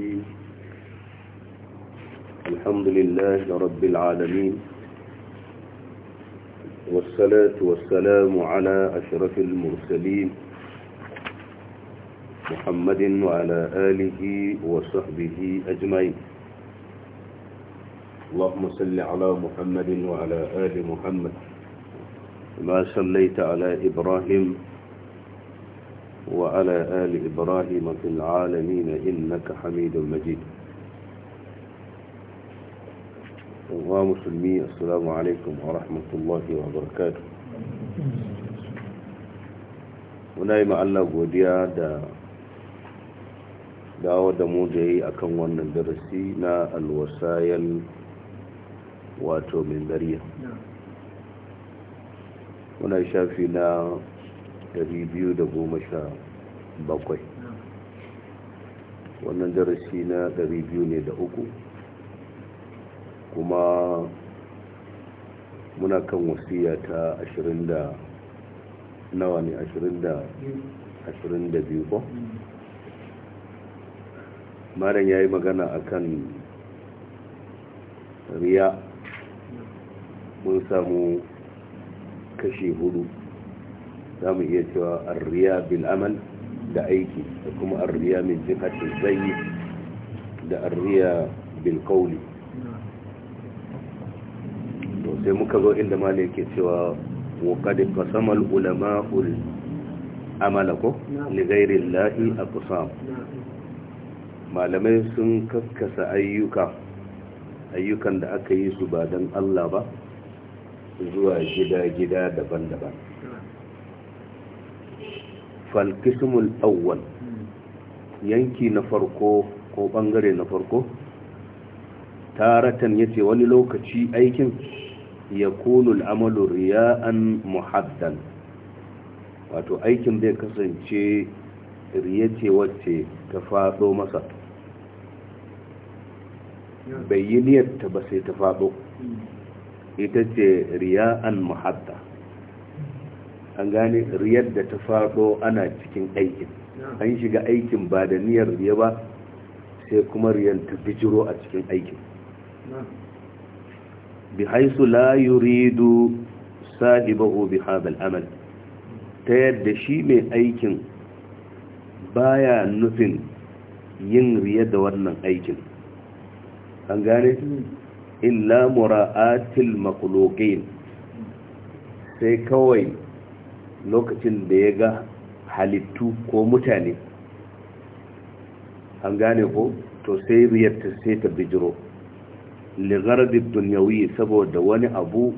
الرجيم الحمد لله رب العالمين والصلاة والسلام على أشرف المرسلين محمد وعلى آله وصحبه أجمعين اللهم صل على محمد وعلى آل محمد ما صليت على إبراهيم وعلى آل إبراهيم في العالمين إنك حميد مجيد ومسلمي السلام عليكم ورحمة الله وبركاته ونائم على وديا دا داوة موجهي أكم وانا درسينا الوسائل واتو من ذريا ونائشافينا ونائشافينا 217 wannan darasi na biyu ne da uku kuma muna kan wasiya ta 20 da nawa ne 20 da 22 ko maran ya yi magana a kan riya mun samu kashi hudu zamu iya cewa arriya bil amal da aiki da kuma arriya min jihati zai da arriya bil qawli to sai muka zo inda malai yake cewa wa qad qasama al ulama ul amala ko li ghairi llahi aqsam malamai sun kakkasa ayyuka ayyukan da aka yi su ba don Allah ba zuwa gida-gida daban-daban falkismul awwal yanki na farko ko bangare na farko taratan ce wani lokaci aikin ya kunul amalu riya'an muhaddan wato aikin zai kasance riya ce wacce ta faɗo masa bayyaniyar ta ba sai ta faɗo ita ce riya'an muhaddan an gane riyar da ta faɗo ana cikin aikin an shiga aikin ba da niyyar riya ba sai kuma riyar ta bijiro a cikin aikin bi haisu la yuridu sahibahu bi hadal amal ta yadda shi mai aikin baya nufin yin riya da wannan aikin an gane illa mura'atil makulokin sai kawai lokacin da ya ga halittu ko mutane an gane ko to sai riyarta sai ta bijiro ligarabin duniyawi saboda wani abu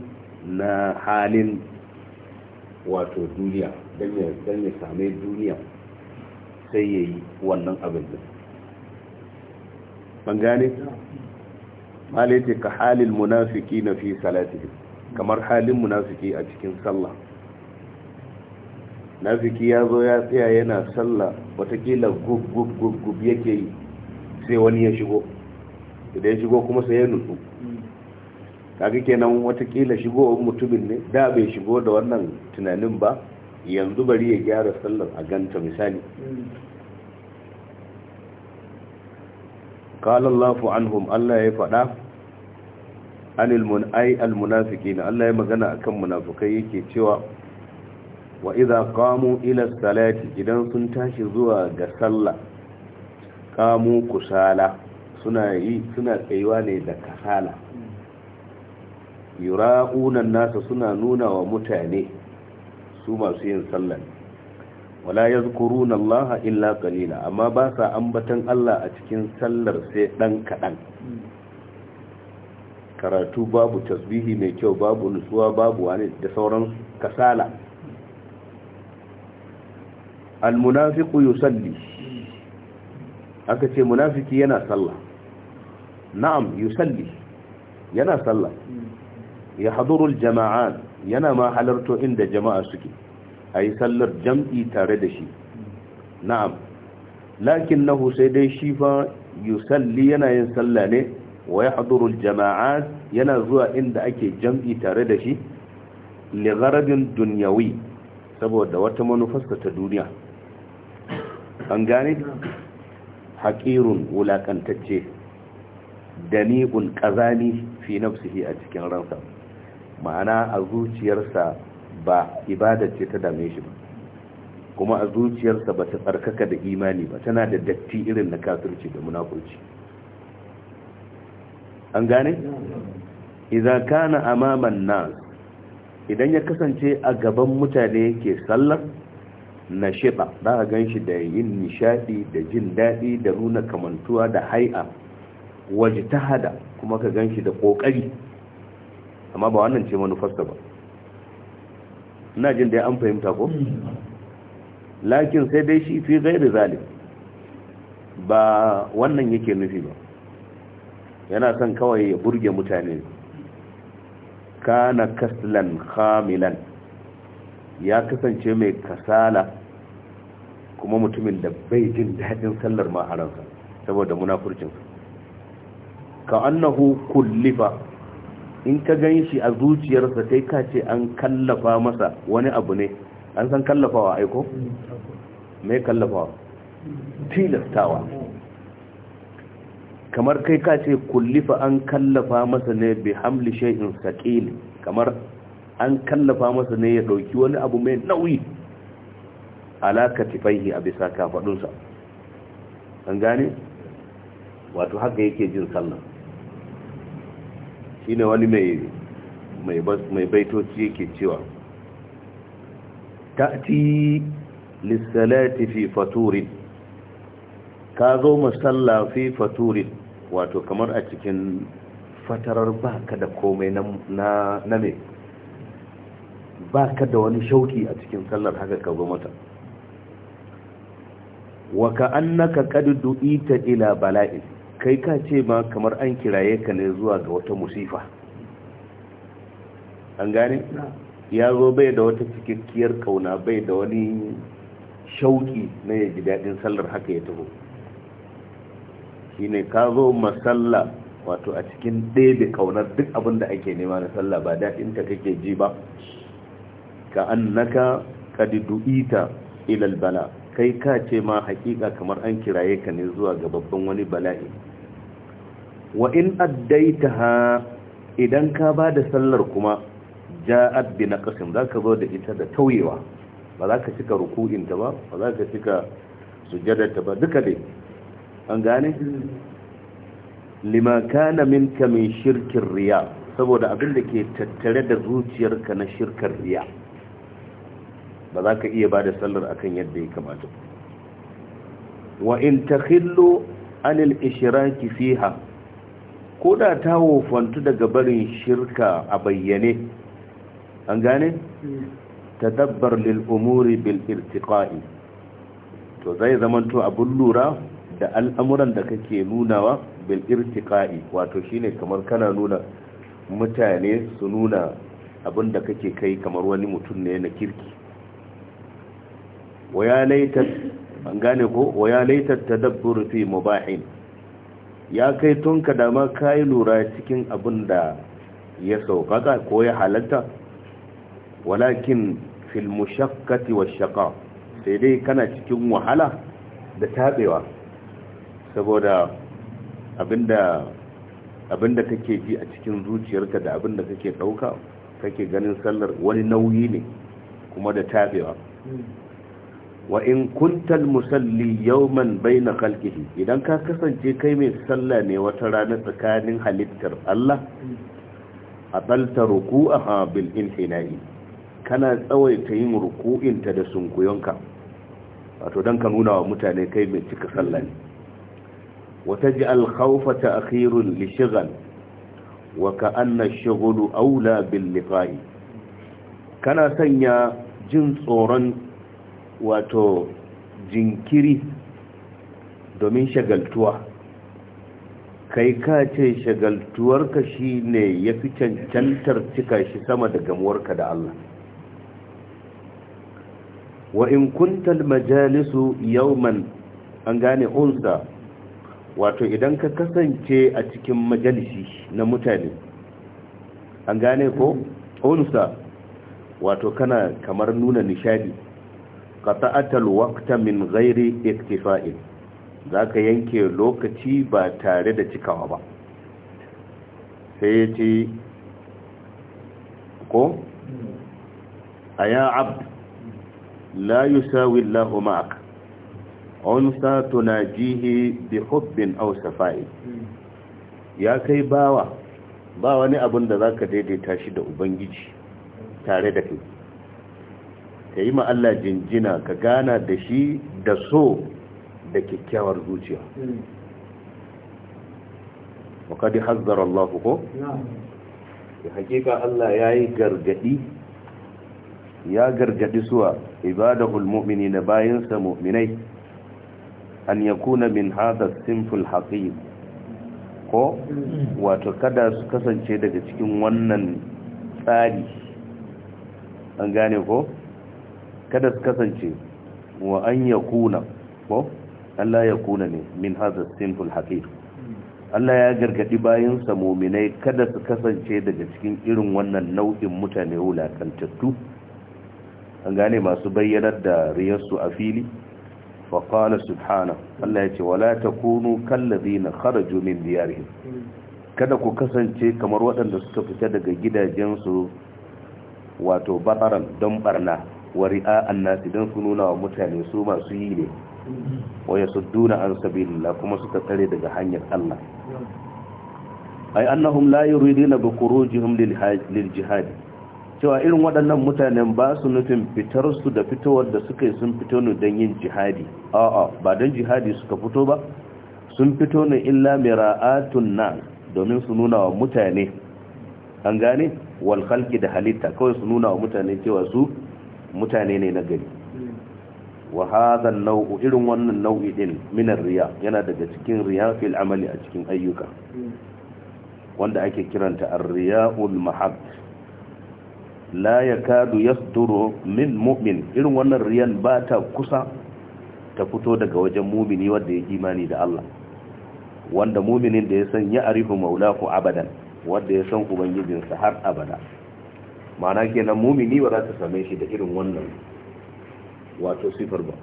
na halin wato duniya don ya same duniya sai ya yi wannan abin din ban gane malaita ka halin munafiki na fi salatu kamar halin munafiki a cikin sallah nafiki ya zo ya tsaya yana sallah watakila gub gub gub gub yake yi sai wani ya shigo da ya shigo kuma sai ya nutsu kaga kenan watakila shigo mutumin ne da bai shigo da wannan tunanin ba yanzu bari ya gyara sallar a ganta misali allah قال الله عنهم الله ai عن na allah ya magana akan munafukai yake cewa wa idza kamu ila salati idan sun tashi zuwa ga sallah qamu kusala suna yi suna tsayuwa ne da kasala yura'una nasa suna nuna wa mutane su masu yin sallah wala yazkuruna Allah illa qalila amma ba sa ambatan Allah a cikin sallar sai dan kadan karatu babu tasbihi mai kyau babu nutsuwa babu wani da sauran kasala almunafiqu yusalli aka ce munafiki yana sallah na'am yusalli yana sallah ya haduru yana ma halarto inda jama'a suke ayi sallar jam'i tare da shi na'am na sai dai shi fa yusalli yana yin sallah ne wa yahduru Jama'a yana zuwa inda ake jam'i tare da shi li duniyawi saboda wata manufarsa ta duniya an gane haƙirun wulaƙantacce da niƙun ƙazani fi nafsihi a cikin ransa ma'ana a zuciyarsa ba ce ta dame shi ba kuma a zuciyarsa ba ta tsarkaka da imani ba tana da datti irin na kafirci da munafurci an gane idan kana amaman nan, idan ya kasance a gaban mutane ke sallar na shiɗa za a gan shi da yin nishadi da jin daɗi da nuna kamantuwa da hai'a waje ta hada kuma ka gan shi da ƙoƙari amma ba wannan ce fasta ba ina jin da an fahimta ko lakin sai dai shi fi gairi zali ba wannan yake nufi ba yana son kawai ya burge mutane kana kaslan khamilan ya kasance mai kasala kuma mutumin da bai jin daɗin sallar ma a ransa saboda munafurcinsa ka annahu kullifa in ka gan shi a zuciyarsa sai ka ce an kallafa masa wani abu ne an san kallafawa aiko? mai kallafawa tilastawa kamar kai ka ce kullifa an kallafa masa ne bi hamli shay'in saqil kamar an kallafa masa ne ya dauki wani abu mai nauyi alaka tifaihi a bisa kafadunsa an gane wato haka yake jin sallah ne wani mai mai baitoci yake cewa ta'ti lissalati fi faturin ka zo masalla fi faturin wato kamar a cikin fatarar baka da komai na mai baka da wani shauki a cikin sallar haka ka zo mata wa ka annaka qad du'ita ila Bala'i, kai ka ce ma kamar an kiraye ka ne zuwa ga wata musifa an gane ya zo bai da wata cikakkiyar kauna bai da wani shauki na ya ji daɗin sallar haka ya taho shine ka zo masalla wato a cikin ɗebe kaunar duk abin da ake nema na sallah ba daɗin ta kake ji ba ka annaka kad du'ita ila bala. kai ka ce ma hakika kamar an kiraye ka ne zuwa ga babban wani bala'i wa in addaitaha idan ka ba da sallar kuma ja'ad bi naqsin zaka zo da ita da tauyewa ba za ka cika ruku'in ta ba ba za ka cika sujjada ta ba duka dai an gane lima kana minka min shirkin riya saboda abin da ke tattare da zuciyarka na shirkin riya ba za ka iya ba da sallar akan yadda ya kamata wa in ta khillo anil ishiraki fiha ko da ta wofantu daga barin shirka a bayyane an gane ta dabbar lil'umuri bil irtiqa'i to zai zamanto abin lura da al'amuran da kake nunawa bil irtiqa'i wato shine kamar kana nuna mutane su nuna abin da kake kai kamar wani mutum ne na kirki waya laitar ta an gane ko ya fi mubahin ya kai tun ka dama kai lura cikin abin da ya sauƙaƙa ko ya halatta walakin fil wa washaqa sai dai kana cikin wahala da tabewa saboda abinda abinda kake ji a cikin zuciyarka da abinda kake ɗauka kake ganin sallar wani nauyi ne kuma da tabewa wa in kuntal musalli yawman baina khalqihi idan ka kasance kai mai sallah ne wata rana tsakanin halittar Allah atalta ruku'aha bil inhina'i kana tsawaita yin ruku'inta da sunkuyonka wato dan ka nuna wa mutane kai mai cika sallah ne wa taj'al khawfa ta'khirun li shighal wa ka'anna ash-shughl awla bil liqa'i kana sanya jin tsoron wato jinkiri domin shagaltuwa kai ka ce shagaltuwarka shi ne ya fi cancantar cika shi sama da gamuwarka da Allah wa in kuntal majalisu yawman an gane unsa wato idan ka kasance a cikin majalisi na mutane an gane ko unsa wato kana kamar nuna nishadi atal wakta min ghairi iktifa'in zaka yanke lokaci ba tare da cikawa ba sai yace ko aya abd la yusawi Allahu ma'aka unsa tunajihi bi hubbin aw ya kai bawa ba wani abin da zaka daidaita shi da ubangiji tare da kai ka yi ma Allah jinjina ka gana da shi da so da kyakkyawar zuciya wa kadi hazzar Allah ko? ya hakika Allah ya yi gargadi ya gargadi suwa ibadahul mu'mini na bayansa mu'minai an kuna min hadha simple haqib ko mm. wato kada su kasance daga cikin wannan tsari an gane ko? kada su kasance wa an ya kuna ko Allah ya kuna ne min hazar sinful haqiq Allah ya gargadi bayan samominai kada su kasance daga cikin irin wannan nau'in mutane wulakantattu an gane masu bayyanar da riyarsu a fili wa subhana Allah ya ce wala takunu na kharaju min diyarihim kada ku kasance kamar waɗanda suka fita daga gidajensu wato bataran don barna wa ri'a'an nasi don su nuna wa mutane su masu yi ne wa ya sudduna an sabilla kuma suka tare daga hanyar Allah ay annahum la yuriduna bi khurujihim lil jihad cewa irin waɗannan mutanen ba su nufin fitar su da fitowar da suka yi sun fito ne don yin jihadi a'a ba don jihadi suka fito ba sun fito ne illa mira'atun na domin su nuna wa mutane an gane wal khalqi da halitta kawai su nuna wa mutane cewa su mutane ne na gari wa nau'u irin wannan nau'i din minar riya yana daga cikin riya fil amali a cikin ayyuka wanda ake kiranta ar-riya'ul mahab la yakadu yasduru min mu'min irin wannan riyan ba ta kusa ta fito daga wajen mumini wanda ya imani da Allah wanda muminin da ya san ya arifu maulaku abadan wanda ya san ubangijinsa har abada ma'ana kenan mumini ba za ta same shi da irin wannan wato sifar ba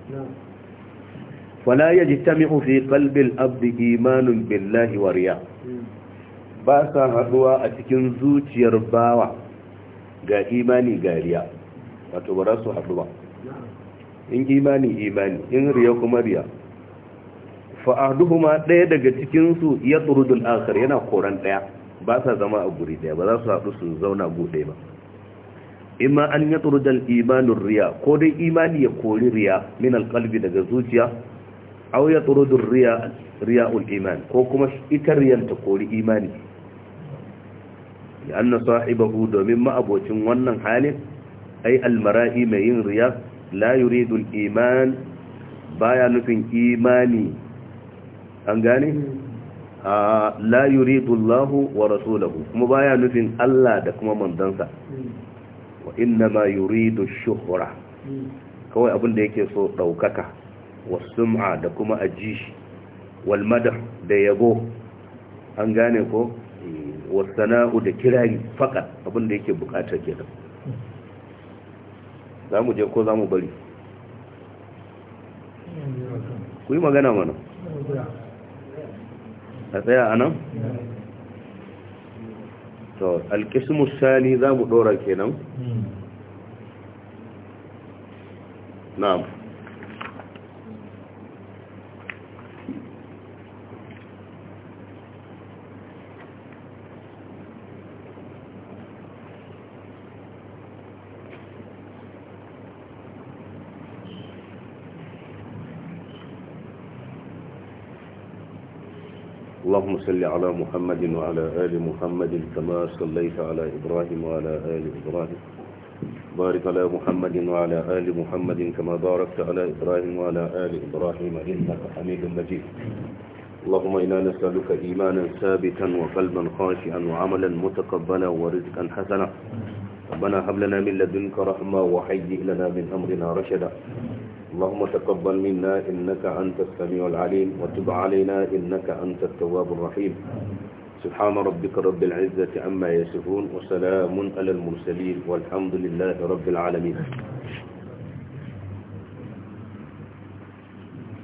fala yajtami'u fi qalbi al-abd imanun billahi wa riya hmm. ba sa haduwa a cikin zuciyar bawa ga imani ga riya wato ba za su haɗu ba in imani imani in riya kuma riya fa'aduhuma ɗaya daga cikinsu ya tsurudul akar yana koran ɗaya ba sa zama a guri ɗaya ba za su haɗu su zauna gu ba ima an ya turudal imanin riya ko dai imani ya kori riya min alƙalbi daga zuciya au ya turudun riya riya'ul iman ko kuma ita riyan ta kori imani ya anna sahibahu domin ma'abocin wannan halin ai almara'i mai yin riya la yuridul iman baya nufin imani an gane la yuridullahu wa rasuluhu kuma baya nufin Allah da kuma mandansa. innama yuridu shuhura kawai abin da yake so daukaka wasum'a da kuma ajishi wal madh da yabo an gane ko wasana'u da kirari fakat abin da yake bukata kenan za mu je ko za bari ku yi magana mana a tsaya anan? to alkismu sani za mu dora kenan hmm. na'am اللهم صل على محمد وعلى آل محمد كما صليت على إبراهيم وعلى آل إبراهيم بارك على محمد وعلى آل محمد كما باركت على إبراهيم وعلى آل إبراهيم إنك حميد مجيد اللهم إنا نسألك إيمانا ثابتا وقلبا خاشعا وعملا متقبلا ورزقا حسنا ربنا هب لنا من لدنك رحمة وحي لنا من أمرنا رشدا اللهم تقبل منا إنك أنت السميع العليم وتب علينا إنك أنت التواب الرحيم سبحان ربك رب العزة عما يصفون وسلام على المرسلين والحمد لله رب العالمين